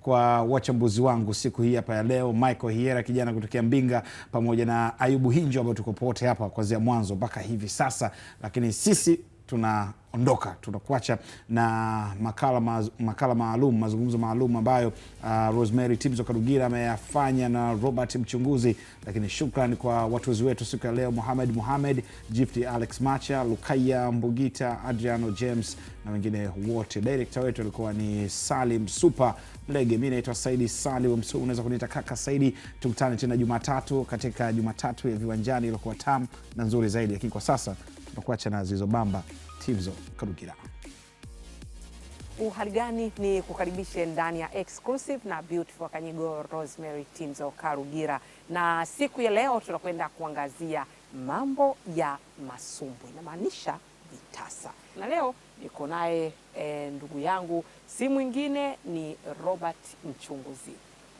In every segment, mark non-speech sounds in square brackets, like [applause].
kwa wachambuzi wangu siku hii hapa ya leo, Michael Hiera kijana kutokea Mbinga, pamoja na Ayubu Hinjo ambao tuko pote hapa kuanzia mwanzo mpaka hivi sasa, lakini sisi tunaondoka, tunakuacha na makala maz, makala maalum mazungumzo maalum ambayo uh, Rosemary Timzo Karugira ameyafanya na Robert Mchunguzi. Lakini shukran kwa watuzi wetu siku ya leo, Muhamed Muhamed, Gift Alex Macha, Lukaya Mbugita, Adriano James na wengine wote. Direkta wetu alikuwa ni Salim Super Mlege. Mi naitwa Saidi Salim Msu, unaweza kuniita kaka Saidi. Tukutane tena Jumatatu katika Jumatatu ya Viwanjani iliokuwa tamu na nzuri zaidi, lakini kwa sasa tutakuacha na zilizobamba Tibzo Karugira. Uharigani ni kukaribishe ndani ya exclusive na beautiful Kanyigo Rosemary Timzo Karugira, na siku ya leo tunakwenda kuangazia mambo ya masumbwi, inamaanisha vitasa, na leo niko naye eh, ndugu yangu, si mwingine ni Robert Mchunguzi,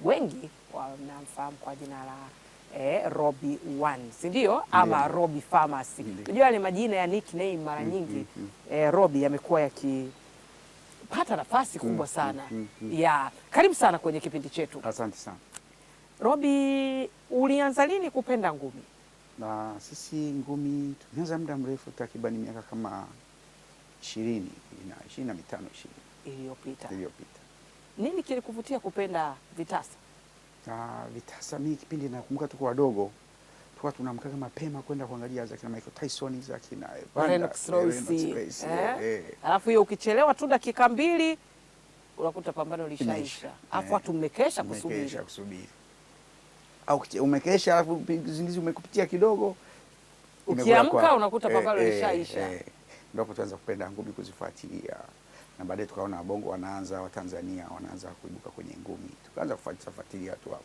wengi wanamfahamu kwa jina la eh, Robi One si ndio ama yeah. Robi Pharmacy unajua ni majina ya nickname mara mm, nyingi mm, -hmm. Eh, Robi yamekuwa yakipata nafasi mm, kubwa mm, sana mm, -hmm. ya karibu sana kwenye kipindi chetu asante sana Robi ulianza lini kupenda ngumi na sisi ngumi tumeanza muda mrefu takriban miaka kama ishirini na ishirini na mitano ishirini iliyopita iliyopita nini kilikuvutia kupenda vitasa na vitasa. Mimi kipindi nakumbuka tuko wadogo tulikuwa tunamkaga mapema kwenda kuangalia za kina Michael Tyson za kina Lennox Lewis, eh? alafu hiyo ukichelewa tu dakika mbili unakuta pambano lishaisha, alafu eh. watu mmekesha kusubiri kusubiri. au umekesha, alafu zingizi umekupitia kidogo, ukiamka unakuta pambano eh, lishaisha. Ndio tuanza kupenda ngumi kuzifuatilia na baadaye tukaona wabongo wanaanza, Watanzania wanaanza kuibuka kwenye ngumi, tukaanza kufuatilia watu hapo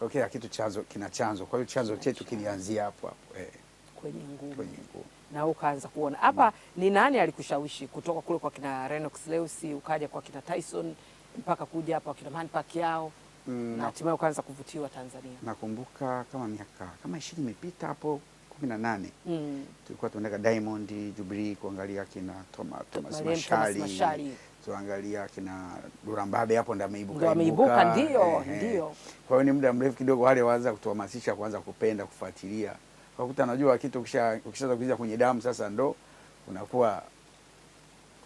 hapo. kila kitu chanzo kina chanzo. Kwa hiyo chanzo chetu kilianzia hapo hapo eh, kwenye ngumi, kwenye ngumi na ukaanza kuona hapa. Ni nani alikushawishi kutoka kule kwa kina Renox Lewis ukaja kwa kina Tyson mpaka kuja hapa kina Manpack yao mm, na hatimaye ukaanza kuvutiwa Tanzania? Nakumbuka kama miaka kama 20 imepita hapo kumi na nane mm. tulikuwa tunaenda Diamond Jubilee kuangalia kina Thomas Thomas Mashali tuangalia kina Durambabe hapo ndo ameibuka ameibuka, ndio eh, eh. ndio. Kwa hiyo ni muda mrefu kidogo, wale waanza kutuhamasisha kuanza kupenda kufuatilia, ukakuta najua kitu kisha ukishaanza kuingia kwenye damu sasa, ndo unakuwa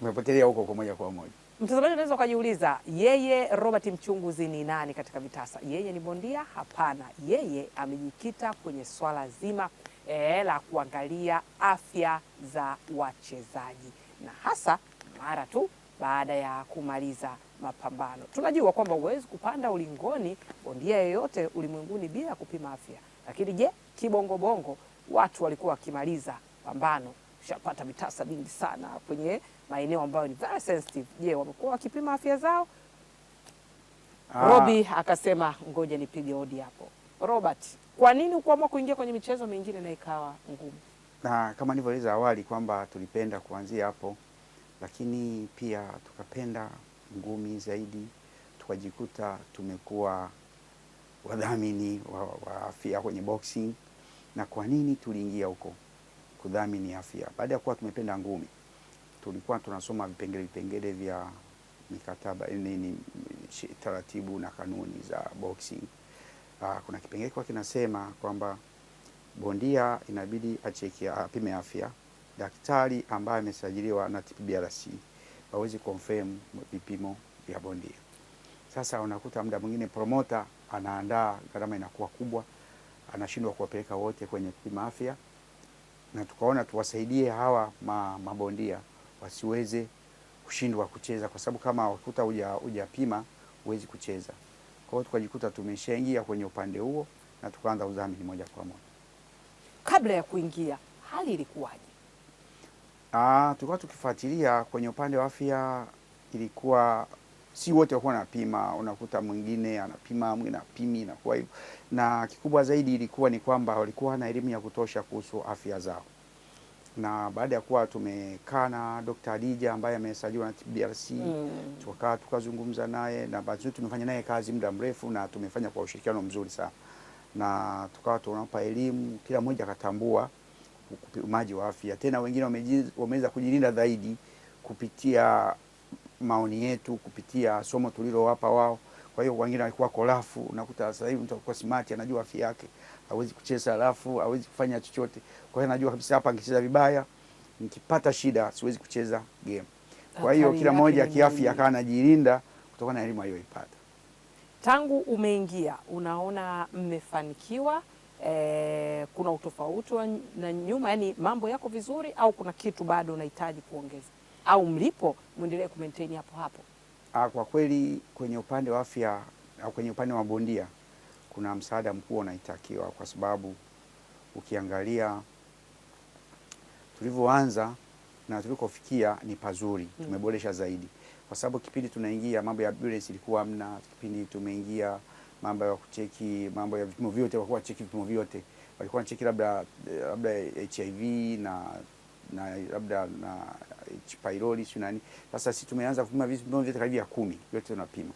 umepotelea huko kwa moja kwa moja. Mtazamaji unaweza ukajiuliza, yeye Robert Mchunguzi ni nani katika Vitasa? Yeye ni bondia? Hapana, yeye amejikita kwenye swala zima eh, la kuangalia afya za wachezaji na hasa mara tu baada ya kumaliza mapambano. Tunajua kwamba huwezi kupanda ulingoni, bondia yeyote ulimwenguni, bila kupima afya. Lakini je, kibongobongo watu walikuwa wakimaliza pambano, ushapata vitasa vingi sana kwenye maeneo ambayo ni very sensitive. Je, wamekuwa wakipima afya zao? Ah. Robi akasema ngoja nipige hodi hapo. Robert, kwa nini ukuamua kuingia kwenye michezo mingine na ikawa ngumu? Na kama nilivyoeleza awali kwamba tulipenda kuanzia hapo, lakini pia tukapenda ngumi zaidi, tukajikuta tumekuwa wadhamini wa, wa afya kwenye boxing. Na kwa nini tuliingia huko kudhamini afya? Baada ya kuwa tumependa ngumi, tulikuwa tunasoma vipengele vipengele vya mikataba nini, taratibu na kanuni za boxing uh, kuna kipengele kwa kinasema kwamba bondia inabidi acheki apime afya, daktari ambaye amesajiliwa na TPBRC waweze confirm vipimo vya bondia. Sasa unakuta muda mwingine promoter anaandaa, gharama inakuwa kubwa, anashindwa kuwapeleka wote kwenye kupima afya, na tukaona tuwasaidie hawa mabondia wasiweze kushindwa kucheza, kwa sababu kama wakuta hujapima huwezi kucheza. Kwa hiyo tukajikuta tumeshaingia kwenye upande huo na tukaanza udhamini moja kwa moja. Kabla ya kuingia hali ilikuwaje? Ah, tulikuwa tukifuatilia kwenye upande wa afya, ilikuwa si wote walikuwa wanapima, unakuta mwingine anapima, mwingine anapimi, inakuwa hivyo, na kikubwa zaidi ilikuwa ni kwamba walikuwa na elimu ya kutosha kuhusu afya zao na baada ya kuwa tumekaa na Dr. Adija ambaye amesajiliwa na TBRC mm. tukakaa tukazungumza naye na baadaye tumefanya naye kazi muda mrefu na tumefanya kwa ushirikiano mzuri sana, na tukawa tunampa elimu, kila mmoja akatambua upimaji wa afya. Tena wengine wameweza kujilinda zaidi kupitia maoni yetu, kupitia somo tulilowapa wao. Kwa hiyo wengine walikuwa korafu, nakuta sasa hivi mtu akuwa smart, anajua afya yake hawezi kucheza halafu hawezi kufanya chochote. Kwa hiyo najua kabisa hapa nikicheza vibaya, nikipata shida siwezi kucheza game. Kwa hiyo kila mmoja kiafya akawa anajilinda kutokana na elimu aliyoipata. Tangu umeingia unaona mmefanikiwa? Eh, kuna utofauti na nyuma, yani mambo yako vizuri au kuna kitu bado unahitaji kuongeza au mlipo mwendelee kumaintain hapo hapo? Ah, kwa kweli kwenye upande wa afya au kwenye upande wa bondia kuna msaada mkubwa unaitakiwa, kwa sababu ukiangalia tulivyoanza na tulikofikia ni pazuri, mm. tumeboresha zaidi, kwa sababu kipindi tunaingia mambo ya ambulance ilikuwa hamna, kipindi tumeingia mambo ya kucheki mambo ya vipimo vyote, walikuwa cheki vipimo vyote, walikuwa cheki labda labda HIV na na labda na H pylori si nani. Sasa sisi tumeanza kupima vipimo vyote ya kumi, yote tunapima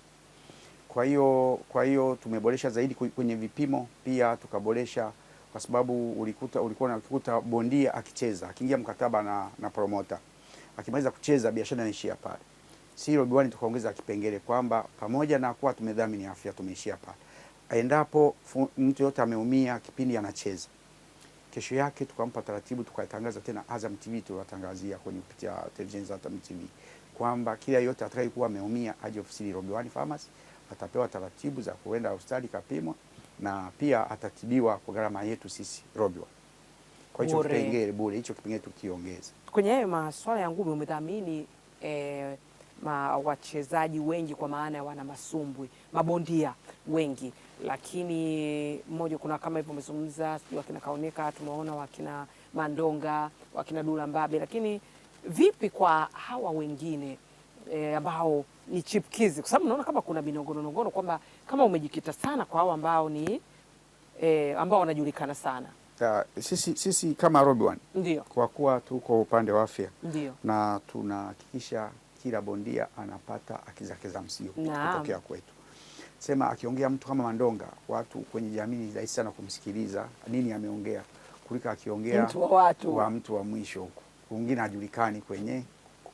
kwa hiyo kwa hiyo tumeboresha zaidi kwenye vipimo, pia tukaboresha kwa sababu ulikuta ulikuwa unakuta bondia akicheza akiingia mkataba na, na promota akimaliza kucheza biashara inaishia pale. Si hilo diwani, tukaongeza kipengele kwamba pamoja na kuwa tumedhamini afya tumeishia pale, endapo mtu yote ameumia kipindi anacheza kesho yake tukampa taratibu, tukaitangaza tena Azam TV tuliwatangazia kwenye kupitia televisheni za Azam TV kwamba kila yote atakayekuwa ameumia aje ofisini Robiwani Pharmacy atapewa taratibu za kuenda hospitali kapimwa, na pia atatibiwa kwa gharama yetu sisi Robiwa. Kwa hicho kipengele bure, hicho kipengele tukiongeza kwenye hayo maswala ya ngumi. Umedhamini eh, ma wachezaji wengi kwa maana ya wana masumbwi mabondia wengi, lakini mmoja kuna kama hivyo umezungumza, sijui wakina Kaoneka, tumeona wakina Mandonga, wakina Dula Mbabe, lakini vipi kwa hawa wengine eh, ambao ni chipkizi, kwa sababu naona kama kuna minongoro kwamba kama umejikita sana kwa hao ambao ni e, ambao wanajulikana sana. Uh, sisi, sisi kama Robi One ndio kwa kuwa tuko upande wa afya na tunahakikisha kila bondia anapata haki zake za msingi kutokea kwetu. Sema akiongea mtu kama Mandonga, watu kwenye jamii ni rahisi sana kumsikiliza nini ameongea kuliko akiongea mtu wa watu wa mtu wa mwisho huko, mwingine hajulikani kwenye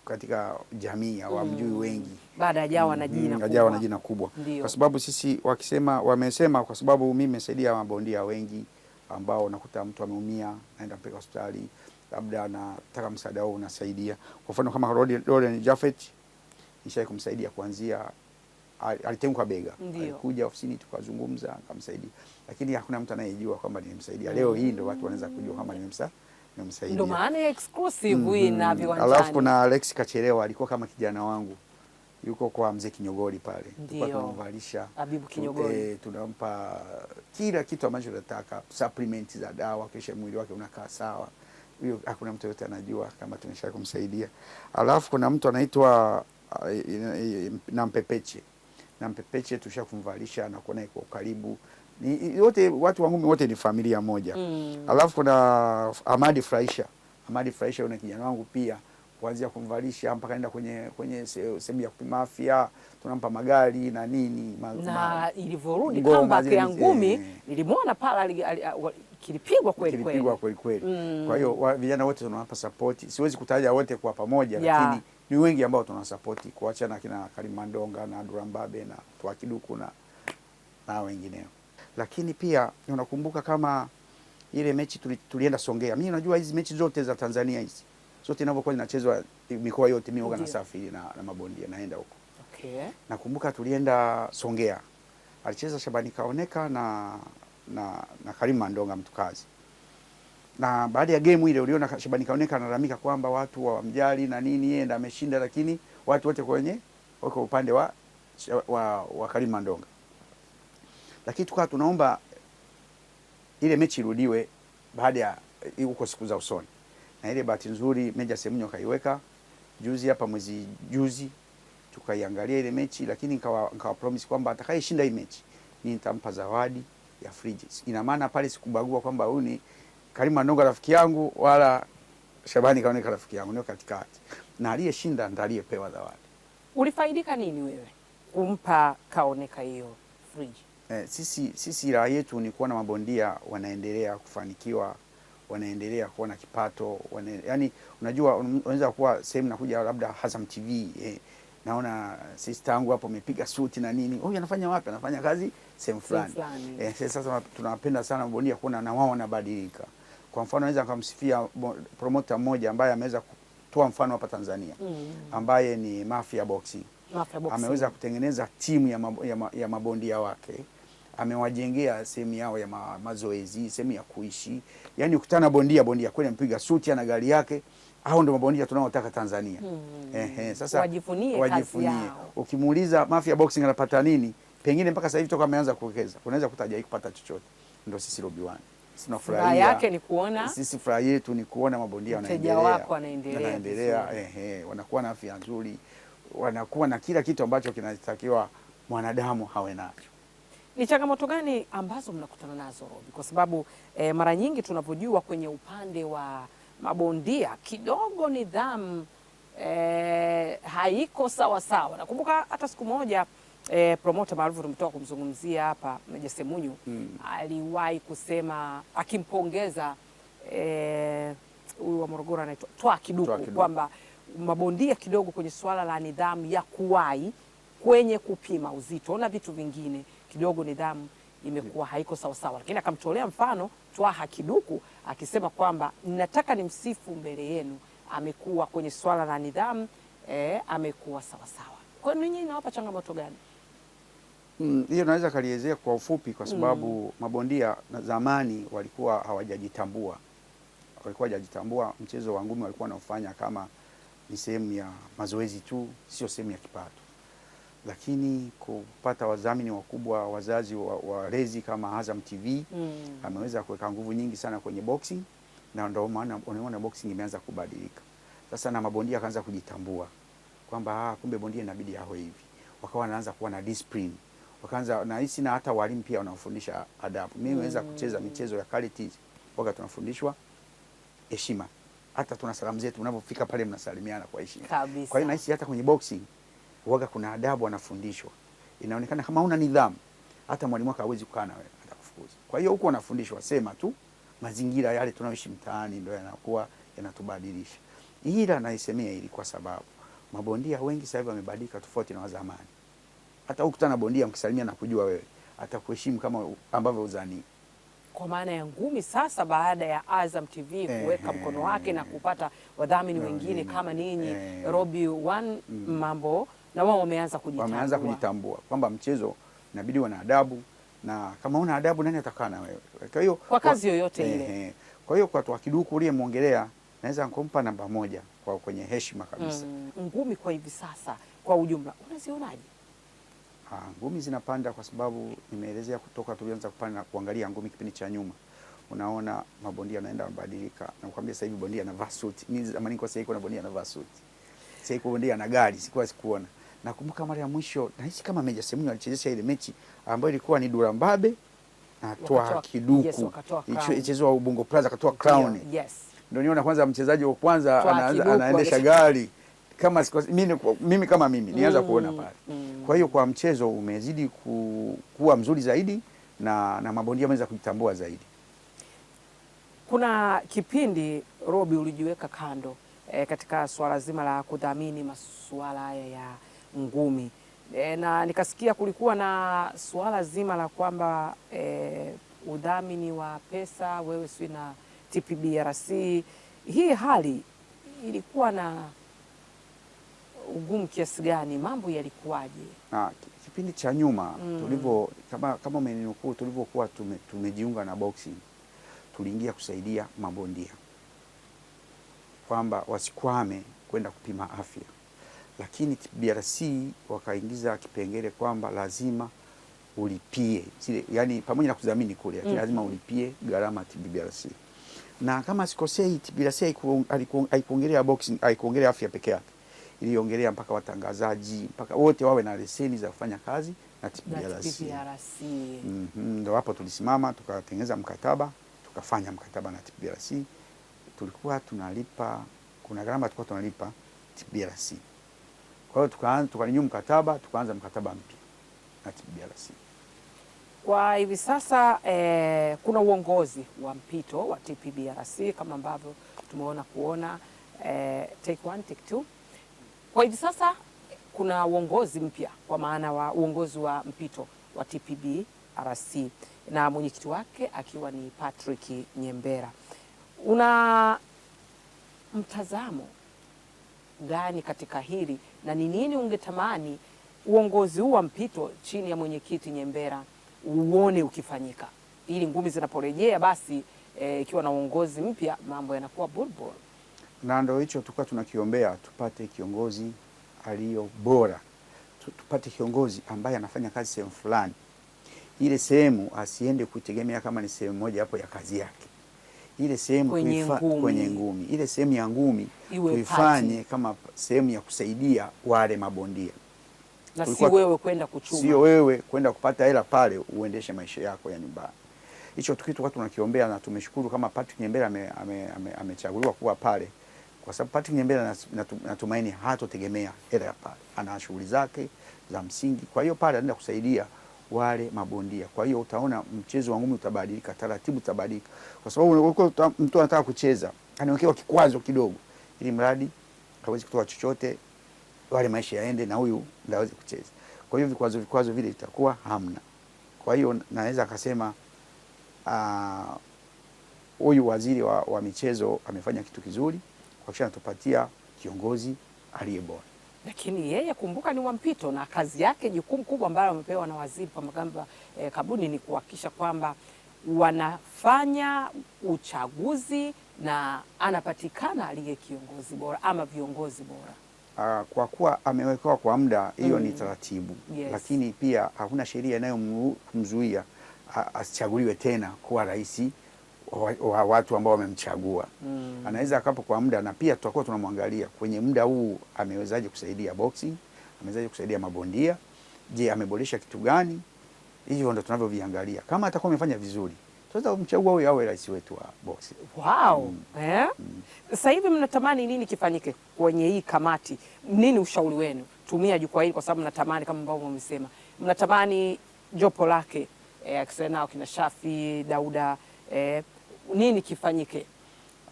katika jamii hawamjui mm. wengi baada ya jawa na jina kubwa, mm, jawa na jina kubwa, kwa sababu sisi wakisema, wamesema kwa sababu mimi nimesaidia mabondia wengi ambao nakuta mtu ameumia, naenda mpaka hospitali, labda anataka msaada wao, unasaidia. Kwa mfano kama Roland Jaffet nishai kumsaidia kuanzia alitengwa bega, alikuja ofisini tukazungumza, akamsaidia, lakini hakuna mtu anayejua kwamba nilimsaidia. Mm. Leo hii ndio watu wanaweza kujua kwamba nilimsaidia namsaidia. Ndio maana ya exclusive mhm. hii na viwanjani. Alafu kuna Alex Kachelewa alikuwa kama kijana wangu yuko kwa mzee kinyogori pale, tulikuwa tunamvalisha Habibu Kinyogori, tunampa kila kitu ambacho nataka supplement za dawa, kisha mwili wake unakaa sawa. Hiyo hakuna mtu yote anajua kama tumesha kumsaidia. Alafu kuna mtu anaitwa eh, eh, eh, Nampepeche, Nampepeche tushakumvalisha, anakuwa naye kwa ukaribu ni yote watu wangu wote ni familia moja mm. Alafu kuna Amadi Fraisha, Amadi Fraisha yule kijana wangu pia kuanzia kumvalisha mpaka enda kwenye kwenye sehemu ya kupima afya, tunampa magari na nini ma, na ma, ilivyorudi kamba ya Ngumi eh, nilimwona pale kilipigwa kweli kweli kilipigwa kweli kweli mm. Kwa hiyo vijana wote tunawapa support, siwezi kutaja wote kwa pamoja yeah, lakini ni wengi ambao tunawasapoti kuachana kina Karimandonga na Durambabe na Twakiduku na na wengineo lakini pia unakumbuka kama ile mechi tulienda Songea. Mimi najua hizi mechi zote za Tanzania hizi zote inavyokuwa zinachezwa mikoa yote, mimi huwa nasafiri na, na mabondia naenda huko okay. Nakumbuka tulienda Songea, alicheza Shabani Kaoneka na, na, na Karim Mandonga mtukazi, na baada ya game ile uliona Shabani Kaoneka analalamika kwamba watu hawamjali na nini, yeye ndiye ameshinda, lakini watu wote kwenye wako upande wa, wa, wa Karim Mandonga lakini tukawa tunaomba ile mechi irudiwe baada ya huko siku za usoni, na ile bahati nzuri Meja Semunyo kaiweka juzi hapa mwezi juzi, tukaiangalia ile mechi, lakini nikawa nikawa promise kwamba atakayeshinda hii mechi ni nitampa zawadi ya fridges. Ina maana pale sikubagua kwamba huyu ni Karima Mandonga rafiki yangu wala Shabani kaoneka rafiki yangu, ndio katikati, na aliyeshinda ndiye aliyepewa zawadi. Ulifaidika nini wewe kumpa kaoneka hiyo fridge? Eh, sisi sisi raha yetu ni kuona mabondia wanaendelea kufanikiwa, wanaendelea kuwa na kipato wana, yani unajua unaweza kuwa sehemu nakuja labda Azam TV eh, naona sisi tangu hapo amepiga suti na nini, huyu oh, anafanya wapi? Anafanya kazi sehemu fulani eh. Sasa tunapenda sana mabondia kuona na wao wanabadilika. Kwa mfano naweza nikamsifia promoter mmoja ambaye ameweza kutoa mfano hapa Tanzania mm, ambaye ni Mafia Boxing ameweza kutengeneza timu ya, mab ya, ma ya mabondia wake, amewajengea sehemu yao ya ma mazoezi, sehemu ya kuishi. Yani ukutana bondia bondia kweli mpiga suti ana gari yake. Hao ndio mabondia tunaotaka Tanzania. hmm. Ehe, sasa wajifunie, wajifunie. Ukimuuliza Mafia Boxing anapata nini, pengine mpaka sasa hivi toka ameanza kuwekeza unaweza kutaja kupata chochote. Ndio sisi Robi One tunafurahia yake ni kuona, sisi furaha yetu ni kuona mabondia wanaendelea, wanaendelea ehe, wanakuwa na afya nzuri wanakuwa na kila kitu ambacho kinatakiwa mwanadamu hawe nacho. Ni changamoto gani ambazo mnakutana nazo Robi? Kwa sababu eh, mara nyingi tunavyojua kwenye upande wa mabondia kidogo nidhamu eh, haiko sawa sawa. Nakumbuka hata siku moja eh, promota maarufu tumetoka kumzungumzia hapa Mjasemunyu hmm, aliwahi kusema akimpongeza eh, huyu eh, wa Morogoro anaitwa Twa Kiduku kwamba mabondia kidogo kwenye suala la nidhamu ya kuwai kwenye kupima uzito na vitu vingine, kidogo nidhamu imekuwa haiko sawasawa, lakini akamtolea mfano Twaha Kiduku akisema kwamba nataka ni msifu mbele yenu, amekuwa kwenye swala la nidhamu eh, amekuwa sawasawa. Kwa ninyi inawapa changamoto gani? Mm, hiyo naweza kalielezea kwa ufupi kwa mm. sababu mm, mabondia na zamani walikuwa hawajajitambua, walikuwa hawajajitambua. Mchezo wa ngumi walikuwa wanaofanya kama ni sehemu ya mazoezi tu, sio sehemu ya kipato. Lakini kupata wadhamini wakubwa, wazazi walezi wa kama Azam TV mm. ameweza kuweka nguvu nyingi sana kwenye boxing, na ndio maana unaona boxing imeanza kubadilika sasa, na mabondia akaanza kujitambua kwamba ah, kumbe bondia inabidi awe hivi, wakawa wanaanza kuwa na discipline wakaanza na hisi na hata walimu pia wanaofundisha adabu. Mimi naweza mm. kucheza michezo ya karate, wakati tunafundishwa heshima hata tuna salamu zetu, unapofika pale mnasalimiana kwa heshima kabisa. Kwa hiyo nahisi hata kwenye boxing huaga kuna adabu anafundishwa, inaonekana kama una nidhamu, hata mwalimu wako hawezi kukaa na wewe, atakufukuza. Kwa hiyo huko anafundishwa, sema tu mazingira yale tunayoishi mtaani ndio yanakuwa yanatubadilisha. Ila naisemea ili kwa sababu mabondia wengi sasa hivi wamebadilika tofauti na zamani. Hata ukutana bondia mkisalimia na kujua wewe, atakuheshimu kama ambavyo uzani kwa maana ya ngumi sasa, baada ya Azam TV kuweka mkono wake na kupata wadhamini wengine kama ninyi Robi One, mm. mambo na wao wameanza kujitambua, wameanza kujitambua kwamba mchezo inabidi wana adabu, na kama una adabu nani atakaa na wewe? Kwa hiyo kwa kazi yoyote ile. Kwa hiyo kwa Twakiduku uliyemwongelea naweza kumpa namba moja kwa kwenye heshima kabisa. Mm. Ngumi kwa hivi sasa kwa ujumla unazionaje? Ah, ngumi zinapanda kwa sababu nimeelezea kutoka tulianza kupanda kuangalia ngumi kipindi cha nyuma, unaona mabondia yanaenda mabadilika, na kukwambia sasa hivi bondia anavaa suit. Mimi zamani kwa sasa bondia anavaa suit, sasa hivi bondia ana gari, sikuwa sikuona. Nakumbuka mara ya mwisho nahisi kama Meja Semunyo alichezesha ile mechi ambayo ilikuwa ni Dura Mbabe Toa kiduku ichezwa yes, Ubungo Plaza akatoa crown yes. Ndio niona kwanza mchezaji wa kwanza anaendesha gari kama mimi, mimi kama mimi nianza kuona mm, pale mm. Kwa hiyo kwa mchezo umezidi ku, kuwa mzuri zaidi na, na mabondia wameweza kujitambua zaidi. Kuna kipindi Robi ulijiweka kando e, katika swala zima la kudhamini masuala haya ya ngumi e, na nikasikia kulikuwa na swala zima la kwamba e, udhamini wa pesa wewe si na TPBRC. Hii hali ilikuwa na ugumu kiasi gani? Mambo yalikuwaje? Na kipindi cha nyuma mm. tulivyo kama, kama umeninukuu tulivyokuwa tume, tumejiunga na boxing tuliingia kusaidia mabondia kwamba wasikwame kwenda kupima afya, lakini TBRC wakaingiza kipengele kwamba lazima ulipie zile, yani pamoja na kudhamini kule, lakini mm. lazima ulipie gharama TBRC. Na kama sikosei, TBRC haikuongelea boxing, haikuongelea afya peke yake iliongelea mpaka watangazaji mpaka wote wawe na leseni za kufanya kazi na TPDRC. Mm -hmm. Ndio hapo tulisimama tukatengeneza mkataba tukafanya mkataba na TPDRC, tulikuwa tunalipa, kuna gharama tulikuwa tunalipa TPDRC. Kwa hiyo tukaanza tukanyu mkataba tukaanza mkataba mpya na TPDRC. Kwa hivi sasa eh, kuna uongozi wa mpito wa TPBRC kama ambavyo tumeona kuona eh, take one, take two kwa hivi sasa kuna uongozi mpya kwa maana wa uongozi wa mpito wa TPB RC na mwenyekiti wake akiwa ni Patrick Nyembera. Una mtazamo gani katika hili na ni nini ungetamani uongozi huu wa mpito chini ya mwenyekiti Nyembera uone ukifanyika ili ngumi zinaporejea basi eh, ikiwa e, na uongozi mpya mambo yanakuwa bulbul na ndio hicho tulikuwa tunakiombea, tupate kiongozi aliyo bora, tupate kiongozi ambaye anafanya kazi sehemu fulani, ile sehemu asiende kutegemea kama ni sehemu moja hapo ya kazi yake, ile sehemu kwenye, kwenye ngumi, ile sehemu ya ngumi tuifanye kama sehemu ya kusaidia wale mabondia na si wewe kwenda kuchuma, sio wewe kwenda kupata hela pale uendeshe maisha yako ya nyumbani. Hicho kitu watu tunakiombea, na tumeshukuru kama Patrick Nyembela amechaguliwa kuwa pale kwa sababu Patrick Nyembele natumaini hatotegemea hela ya pale, ana shughuli zake za msingi. Kwa hiyo pale anaenda kusaidia wale mabondia. Kwa hiyo utaona mchezo wa ngumi utabadilika taratibu, utabadilika kwa sababu unakuwa mtu anataka kucheza anawekewa kikwazo kidogo, ili mradi aweze kutoa chochote, wale maisha yaende na huyu ndio aweze kucheza. Kwa hiyo vikwazo vikwazo vile vitakuwa hamna. Kwa hiyo naweza akasema ah, huyu uh, waziri wa, wa michezo amefanya kitu kizuri kuhakikisha anatupatia kiongozi aliye bora. Lakini yeye kumbuka, ni wa mpito na kazi yake, jukumu kubwa ambalo amepewa na waziri Palamagamba eh, Kabudi ni kuhakikisha kwamba wanafanya uchaguzi na anapatikana aliye kiongozi bora ama viongozi bora. Uh, kwa kuwa amewekewa kwa muda hiyo, mm. ni taratibu yes. Lakini pia hakuna sheria inayomzuia asichaguliwe tena kuwa rais wa, wa watu ambao wamemchagua mm. anaweza akapo kwa muda, na pia tutakuwa tunamwangalia kwenye muda huu amewezaje kusaidia boxing, amewezaje kusaidia mabondia, je, ameboresha kitu gani? Hivyo ndo tunavyoviangalia. Kama atakuwa amefanya vizuri, tutaweza kumchagua huyo awe rais wetu wa boxing. Wow. Mm. Eh? Mm. Sasa hivi mnatamani nini kifanyike kwenye hii kamati? Nini ushauri wenu? Tumia jukwaa hili kwa sababu mnatamani, kama ambavyo mmesema, mnatamani jopo lake eh, akisema nao kina Shafi Dauda eh, nini kifanyike?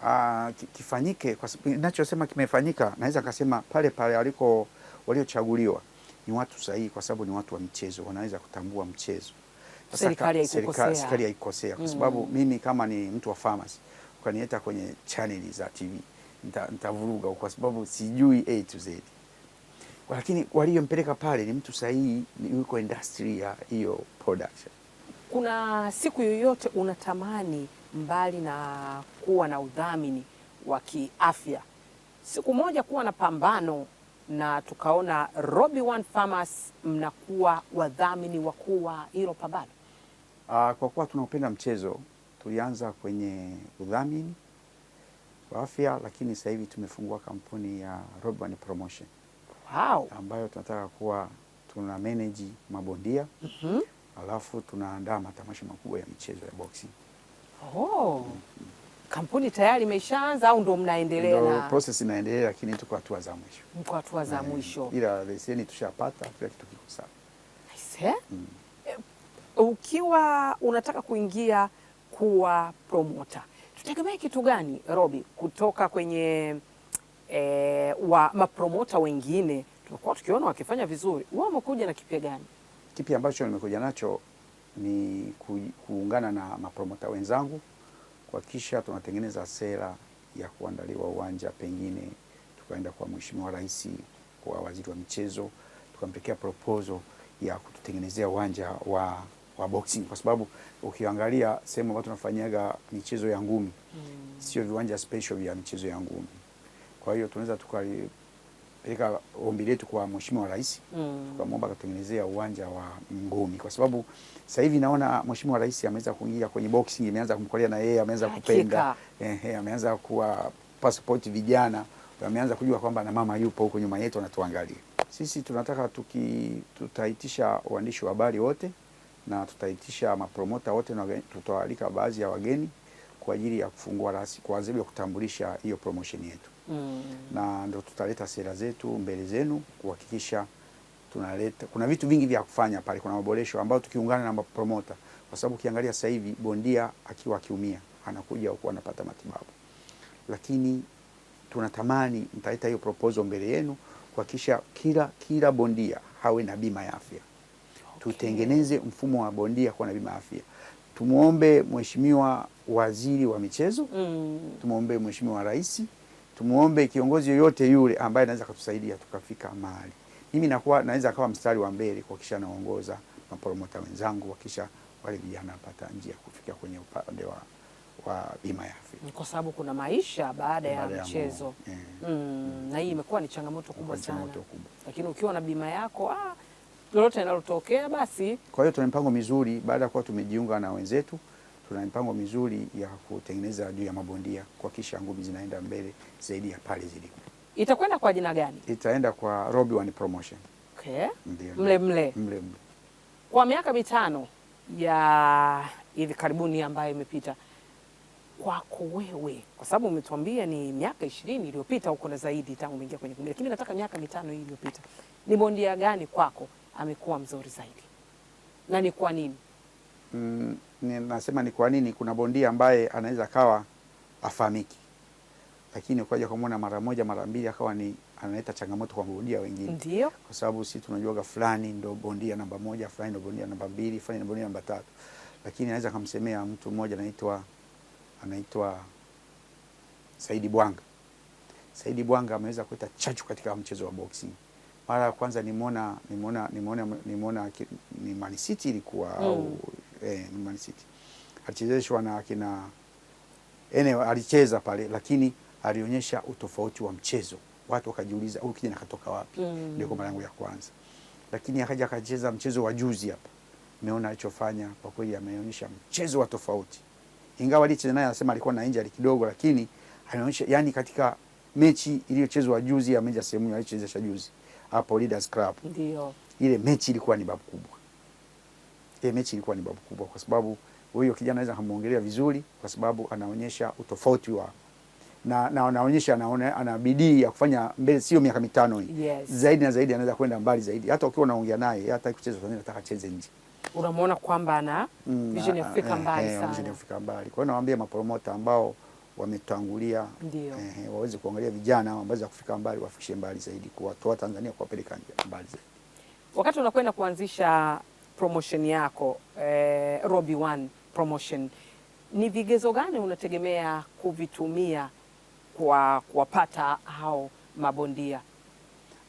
Aa, ah, kifanyike kwa sababu ninachosema kimefanyika, naweza kasema pale pale aliko waliochaguliwa ni watu sahihi, kwa sababu ni watu wa mchezo, wanaweza kutambua mchezo. Serikali haikosea kwa mm. sababu mm. Mimi kama ni mtu wa farmers ukanieta kwenye chaneli za TV nitavuruga kwa sababu sijui A to Z, lakini waliyompeleka pale ni mtu sahihi, yuko industry ya hiyo production. Kuna siku yoyote unatamani mbali na kuwa na udhamini wa kiafya. Siku moja kuwa na pambano na tukaona Robi One Farmers mnakuwa wadhamini wakuu wa hilo pambano. Uh, kwa kuwa tunaupenda mchezo tulianza kwenye udhamini wa afya, lakini sasa hivi tumefungua kampuni ya Robi One Promotion. Wow. ambayo tunataka kuwa tuna manage mabondia mm -hmm. Alafu tunaandaa matamasha makubwa ya michezo ya boxing. Oh. Kampuni tayari imeshaanza au ndo mnaendelea na process? Inaendelea, lakini tuko hatua za mwisho. Mko hatua za eh, mwisho, ila leseni tushapata, kila kitu kiko sawa. Nice, eh? mm. Eh, ukiwa unataka kuingia kuwa promoter, tutegemee kitu gani Robi, kutoka kwenye e, wa mapromota wengine? Tumekuwa tukiona wakifanya vizuri, wao wamekuja na kipya gani? Kipi ambacho nimekuja nacho ni kuungana na mapromota wenzangu kuhakikisha tunatengeneza sera ya kuandaliwa uwanja, pengine tukaenda kwa Mheshimiwa Rais, kwa waziri wa michezo, tukampekea proposal ya kututengenezea uwanja wa, wa boxing kwa sababu ukiangalia sehemu ambayo tunafanyaga michezo ya ngumi mm, sio viwanja special vya michezo ya ngumi, kwa hiyo tunaweza tukali tukapeleka ombi letu kwa Mheshimiwa Rais mm. tukamwomba akatengenezea uwanja wa ngumi, kwa sababu sasa hivi naona Mheshimiwa Rais ameweza kuingia kwenye boxing, imeanza kumkolea na yeye ameanza kupenda ehe, ameanza kuwa passport vijana ameanza kujua kwamba na mama yupo huko nyuma yetu anatuangalia sisi. Tunataka tuki, tutaitisha waandishi wa habari wote na tutaitisha mapromota wote na tutawaalika baadhi ya wageni kwa ajili ya kufungua rasmi kwa ajili ya kutambulisha hiyo promotion yetu. Mm. na ndo tutaleta sera zetu mbele zenu kuhakikisha tunaleta. Kuna vitu vingi vya kufanya pale, kuna maboresho ambayo tukiungana na promota kwa sababu ukiangalia sasa hivi bondia akiwa akiumia anakuja huku anapata matibabu, lakini tunatamani mtaleta hiyo proposal mbele yenu kuhakikisha kila kila bondia hawe na bima ya afya okay. Tutengeneze mfumo wa bondia kuwa na bima ya afya. Tumwombe Mheshimiwa Waziri wa Michezo mm. tumwombe Mheshimiwa Rais Tumuombe kiongozi yoyote yule ambaye anaweza kutusaidia tukafika mahali. Mimi nakuwa naweza kawa mstari wa mbele kuhakikisha naongoza mapromota wenzangu kuhakikisha wale vijana wanapata njia kufika kwenye upande wa wa bima ya afya, kwa sababu kuna maisha baada ya mchezo yeah. Mm, na hii imekuwa ni changamoto kubwa sana, lakini ukiwa na bima yako ah, lolote linalotokea basi. Kwa hiyo tuna mipango mizuri baada ya kuwa tumejiunga na wenzetu tuna mipango mizuri ya kutengeneza juu ya mabondia kuhakikisha ngumi zinaenda mbele zaidi ya pale zilipo. Itakwenda kwa jina gani? Itaenda kwa Robi One Promotion. Okay. Mle mle. Mle mle. Kwa miaka mitano ya hivi karibuni ambayo imepita kwako wewe, kwa sababu umetuambia ni miaka ishirini iliyopita huko na zaidi tangu umeingia kwenye kundi, lakini nataka miaka mitano hii iliyopita, ni bondia gani kwako amekuwa mzuri zaidi na ni kwa nini? mm, nasema ni kwa nini kuna bondia ambaye anaweza akawa afahamiki, lakini ukaja kumwona mara moja mara mbili akawa ni analeta changamoto kwa bondia wengine. Ndio. Kwa sababu sisi tunajuaga fulani ndo bondia namba moja, fulani ndo bondia namba mbili, fulani ndo bondia namba tatu, lakini anaweza akamsemea mtu mmoja anaitwa anaitwa Saidi Bwanga. Saidi Bwanga ameweza kuleta chachu katika mchezo wa boxing. Mara ya kwanza nimeona nimeona nimeona nimeona ni Man City ilikuwa mm. au eh, ni Man City. Alichezeshwa na akina eneo alicheza pale, lakini alionyesha utofauti wa mchezo, watu wakajiuliza huyu kijana katoka wapi? mm. Ndio kwa mara yangu ya kwanza, lakini akaja akacheza mchezo wa juzi hapa, nimeona alichofanya kwa kweli, ameonyesha mchezo wa tofauti, ingawa alicheza naye anasema alikuwa na injury kidogo, lakini ameonyesha yani, katika mechi iliyochezwa juzi ya Major Semunyo alichezesha juzi hapo Leaders Club, ndio ile mechi ilikuwa ni babu kubwa ile mechi ilikuwa ni babu kubwa, kwa sababu huyo kijana anaweza kumuongelea vizuri, kwa sababu anaonyesha utofauti wa na, na anaonyesha anaona ana bidii ya kufanya mbele, sio miaka mitano hii yes. Zaidi na zaidi anaweza kwenda mbali zaidi, hata ukiwa unaongea naye hata kucheza Tanzania, nataka cheze nje, unamwona kwamba ana mm, vision ya kufika eh, mbali sana, eh, vision ya kufika mbali. Kwa hiyo nawaambia mapromota ambao wametangulia eh, waweze kuangalia vijana ambao za kufika mbali, wafikishe mbali zaidi, kuwatoa Tanzania, kuwapeleka mbali zaidi. Wakati unakwenda kuanzisha promotion yako eh, Robi One Promotion, ni vigezo gani unategemea kuvitumia kwa kuwapata hao mabondia?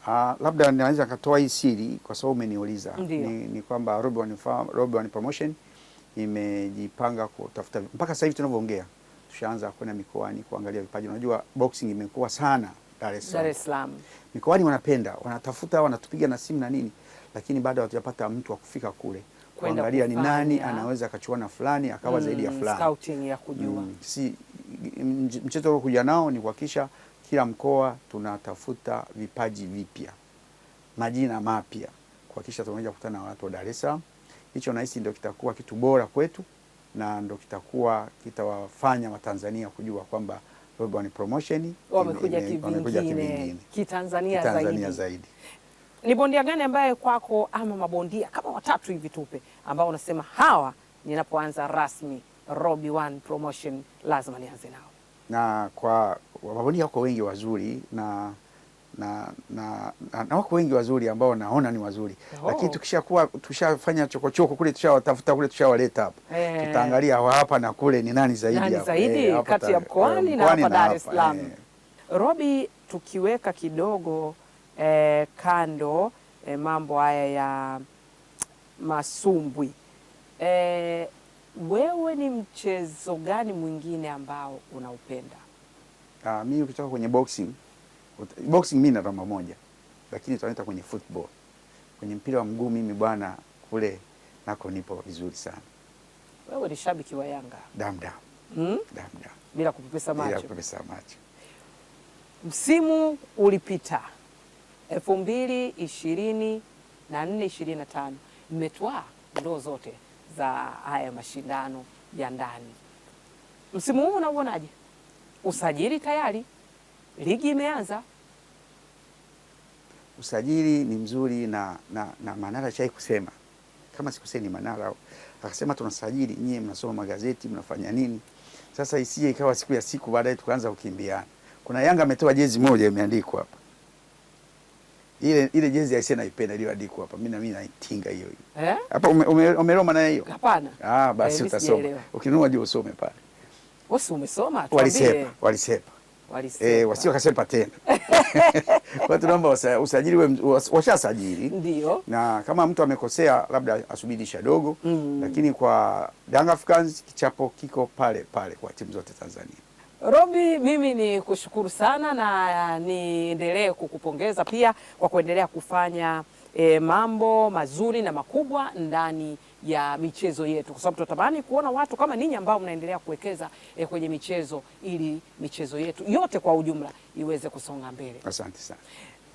Uh, labda naweza katoa hii siri kwa sababu umeniuliza. Ni, ni kwamba Robi One, Robi One Promotion imejipanga kutafuta mpaka sasa hivi tunavyoongea, tushaanza kwenda mikoani kuangalia vipaji. Unajua boxing imekuwa sana Dar es Salaam, mikoani wanapenda, wanatafuta, wanatupiga na simu na nini lakini bado hatujapata mtu wa kufika kule kuangalia ni nani anaweza akachuana fulani akawa mm, zaidi ya fulani scouting ya kujua mm, si mchezo wa kuja nao ni kuhakikisha kila mkoa tunatafuta vipaji vipya, majina mapya, kuhakikisha tunaweza kukutana na watu wa Dar es Salaam. Hicho nahisi ndio kitakuwa kitu bora kwetu na ndio kitakuwa kitawafanya Watanzania kujua kwamba Promotion wamekuja kivingine, kitanzania zaidi. Ni bondia gani ambaye kwako ama mabondia kama watatu hivi tupe, ambao unasema hawa ninapoanza rasmi Robi One Promotion lazima nianze nao? Na kwa mabondia wako wengi wazuri na na, na, na, na wako wengi wazuri ambao naona ni wazuri oh. Lakini tukishakuwa tushafanya chokochoko kule tushawatafuta kule tushawaleta hapo hey. Eh. Tutaangalia hapa na kule ni nani zaidi nani zaidi hey, eh, kati ya mkoani na hapa Dar es Salaam eh. Robi, tukiweka kidogo eh, kando eh, mambo haya ya masumbwi eh, wewe ni mchezo gani mwingine ambao unaupenda? Ah, mimi ukitoka kwenye boxing, boxing mimi na namba moja, lakini tunaita kwenye football, kwenye mpira wa mguu mimi bwana, kule nako nipo vizuri sana. Wewe ni shabiki wa Yanga dam dam, hmm? dam dam bila kupepesa macho, bila kupepesa macho. Msimu ulipita elfu mbili ishirini na nne ishirini na tano ndoo zote za haya mashindano ya ndani. Msimu huu unauonaje? Usajili tayari, ligi imeanza. Usajili ni mzuri na, na, na Manara chai kusema kama sikusei ni Manara akasema tunasajili, nyie mnasoma magazeti mnafanya nini? Sasa isije ikawa siku ya siku baadaye tukaanza kukimbiana. Kuna Yanga ametoa jezi moja imeandikwa hapa ile ile jezi ya aisee naipenda iliyoandikwa hapa. Mimi na mimi naitinga hiyo hiyo. eh? Hapa ume, ume na hiyo? Hapana. Ah, basi eh, utasoma. Ukinunua je, usome pale. Eh, wasi umesoma tu. Walisepa, walisepa. Walisepa. Eh, wasio kasepa tena. [laughs] Kwa tunaomba usajili wewe washasajili. Ndio. Na kama mtu amekosea labda asubiri shadogo mm. Lakini kwa Young Africans kichapo kiko pale pale kwa timu zote Tanzania. Robi, mimi ni kushukuru sana na niendelee kukupongeza pia kwa kuendelea kufanya e, mambo mazuri na makubwa ndani ya michezo yetu, kwa sababu tunatamani kuona watu kama ninyi ambao mnaendelea kuwekeza e, kwenye michezo ili michezo yetu yote kwa ujumla iweze kusonga mbele. Asante sana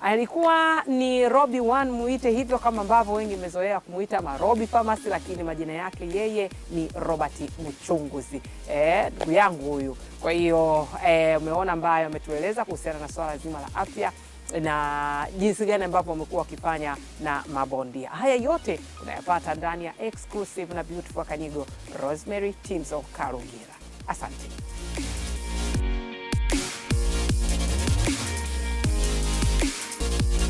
alikuwa ni Robi One, muite hivyo kama ambavyo wengi mmezoea kumuita Marobi Pharmacy, lakini majina yake yeye ni Robert Mchunguzi, eh, ndugu e, yangu huyu. Kwa hiyo e, umeona ambayo ametueleza kuhusiana na swala zima la afya na jinsi gani ambapo wamekuwa wakifanya na mabondia. Haya yote unayapata ndani ya exclusive na beautiful Kanyigo Rosemary of Karungira. Asante.